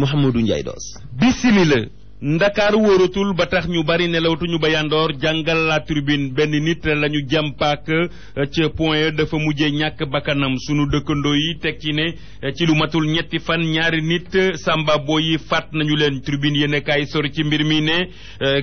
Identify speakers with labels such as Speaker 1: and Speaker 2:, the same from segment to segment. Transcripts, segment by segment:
Speaker 1: Mouhamadou Ndiaye Doss bisimila ndakaar wóoratul ba tax ñu bari nelawtuñu ba yandoor jàngal la tribune benn nit lañu ñu jàmpaak eh, ca point e, dafa mujjee ñàkk bakkanam sunu dëkkandoo yi teg ci ne eh, ci lu matul ñetti fan ñaari nit eh, samba yi fàtt nañu leen tribune yéen kaay ci mbir mi ne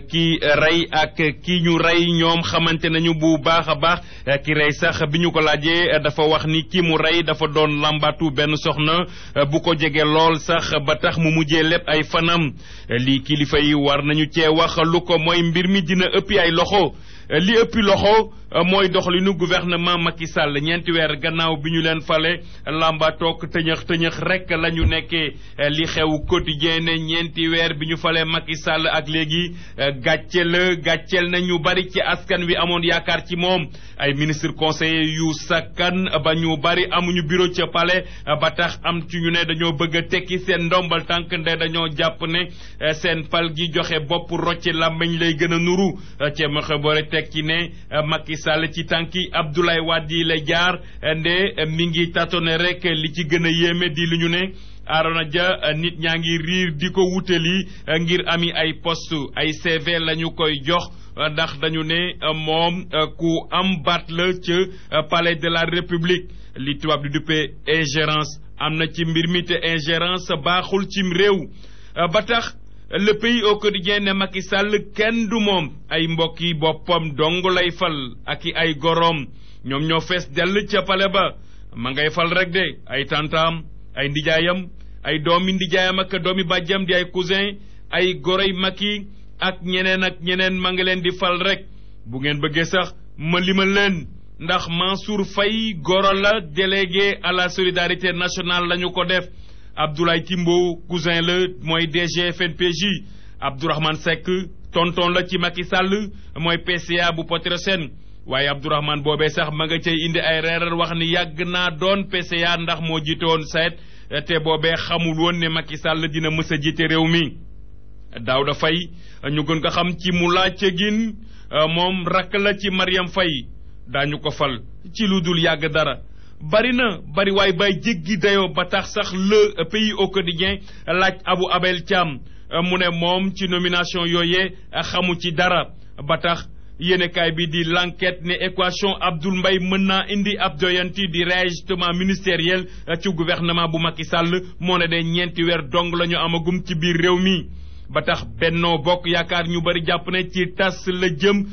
Speaker 1: ki rey ak ki ñu rey ñoom xamante nañu bu baax a baax ki rey sax bi ñu ko laajee dafa wax ni ki mu rey dafa doon làmbaatu benn soxna bu ko jege lool sax ba tax mu mujjee lépp ay fanam lii kilifa war nañu cee wax lu ko mooy mbir mi dina ëpp ay loxo eh, li ëppi loxo Euh, mooy doxalinu gouvernement Macky Sall ñeenti weer gannaaw bi ñu leen fale lamba tëñëx tëñëx rek la ñu nekkee euh, li xew quotidien ne ñeenti weer bi ñu falee Macky Sall ak léegi euh, gàcceel gàcceel na ñu bari ci askan wi amoon yaakaar ci moom ay ministre conseil yu sakkan ba ñu bari amuñu bureau ca palais ba tax am ci ñu ne dañoo bëgg a tekki seen ndombal tànk nde dañoo jàpp ne seen pal gi joxe bopp rocci làmbañ lay gën a nuru ca ma xebore tekki ne Macky Sall ci tànki Abdoulaye Wade yi lay jaar nde mi ngi tâtonné rek li ci gën a yéeme di lu ñu ne Arona Dia nit ñaa ngi riir di ko wutali ngir ami ay poste ay CV la ñu koy jox ndax dañu ne moom ku am baat la ca palais de la république li tubaab di duppee ingérence am na ci mbir mi te ingérence baaxul cim réew ba tax le pays au quotidien ne Macky Sall kenn du moom ay mbokki boppam dong lay fal ak i ay goroom ñoom ñoo fees dell ca pale ba ma ngay fal rek de ay tantaam ay ndijaayam ay doomi ndijaayam ak doomi bàjjam di ay cousin ay goroy Macky ak ñeneen ak ñeneen ma nga leen di fal rek bu ngeen bëggee sax ma limal leen ndax Mansour fay goro la délégué à la solidarité nationale lañu ko def Abdoulaye Timbo cousin la mooy DG FNPJ Abdourahmane Seck tonton la ci Macky Sall mooy PCA bu Petrosen waaye Abdourahmane boobee sax ma nga cee indi ay reeral wax ni yàgg naa doon PCA ndax moo jiite woon SAED te boobee xamul woon ne Macky Sall dina mës a jiite réew mi. Daouda Faye ñu gën ko xam ci mu laaj gin moom rakk la ci Mariam Faye daañu ko fal ci lu dul yàgg dara. bari na bari waaye bay jéggi dayoo ba tax sax le pays au laaj Abu Abel Thiam euh, mu ne moom ci nomination yooyee euh, xamu ci dara ba tax yéenekaay bi di l'enquête ne équation Abdoul mbay mën naa indi ab doyanti di réajustement ministériel euh, ci gouvernement bu Macky Sall moo ne de ñeenti weer dong la ñu amagum ci biir réew mi ba tax Benno Bokk Yaakaar ñu bari jàpp ne ci tas la jëm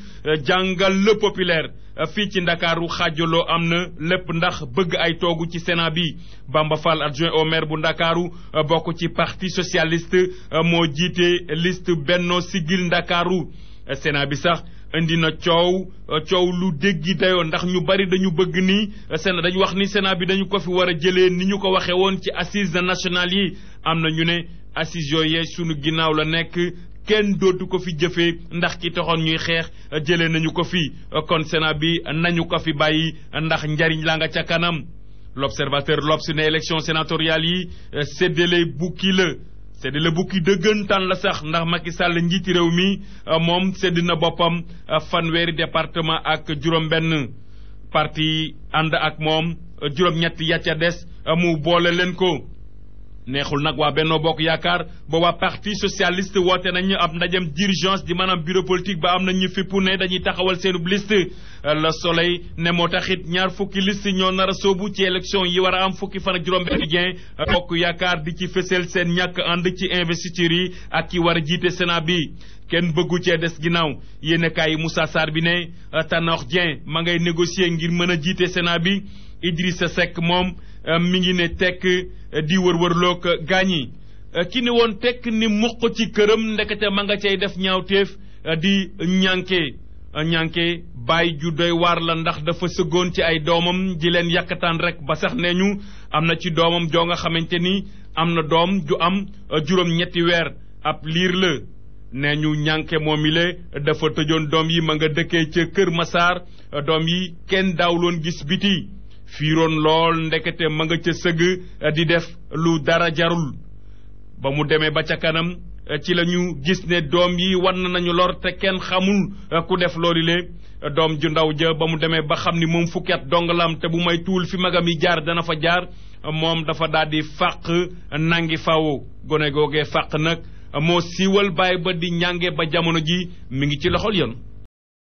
Speaker 1: jàngal le populaire fii ci ndakaaru xaajaloo am na lépp ndax bëgg ay toogu ci sena bi Bamba Fall adjoint maire bu ndakaaru bokk ci parti socialiste moo jiite liste Benno Siggil Ndakaaru Sénat bi sax indi na coow coow lu déggi dayoo ndax ñu bari dañu bëgg ni Sénat dañu wax ni Sénat bi dañu ko fi war a jëlee ni ñu ko waxee woon ci assises nationales yi am na ñu ne assises yooyee sunu ginnaaw la nekk kenn dootu ko fi jëfee ndax ki taxoon ñuy xeex jëlee nañu ko fi kon Sénat bi nañu ko fi bàyyi ndax njariñ laa nga ca kanam l'observateur l'Obs ne élection sénatoriale yi séddale bukki la séddale bukki dëggantaan la sax ndax Macky Sall njiiti réew mi moom sédd na boppam fanweeri département ak juróom-benn parti ànd ak moom juróom-ñett ya ca des mu boole leen ko. neexul nag waa Benno Bokk Yaakaar ba waa parti socialiste woote nañu ab ndajem d'urgence di maanaam bureau politique ba am nañu fi fippu ne dañuy taxawal seenub liste la soleil ne moo taxit ñaar fukki liste ñoo nar a soobu ci élection yi war a am fukki fan ak juróom-benn jeen bokk yaakaar di ci fësal seen ñàkk ànd ci investiture yi ak ki war a jiite Sénat bi kenn bëggu cee des ginnaaw yéenekaay yi saar bi ne euh, Tanor Dieng ma ngay négocier ngir mën a jiite Sénat bi sa sekk moom euh, mi ngi ne tekk euh, di wër gaañ gaañi ki ne woon tekk ni muq ci këram ndekete ma nga cay def ñaawteef di ñànke ñànke bàyyi ju doy waar la ndax dafa sëggoon ci ay doomam ji leen yàkkataan rek ba sax nee ñu am na ci doomam joo nga xamante ni am na doom ju am juróom-ñetti weer ab liir la nee ñu ñànke moomile dafa tëjoon doom yi ma nga dëkkee ca Kër Masaar doom yi kenn daawloon gis biti fiiroon lool ndekete ma nga ca sëgg di def lu dara jarul ba mu demee ba ca kanam ci la ñu gis ne doom yi wan nañu lor te kenn xamul ku def loolu le doom ju ndaw ja ba mu demee ba xam ni moom fukki at dong lam te bu may tuul fi magam yi jaar dana fa jaar moom dafa daal di fàq nangi fawo gone googee fàq nag moo siiwal baay ba di ñànge ba jamono ji mi ngi ci loxol yoon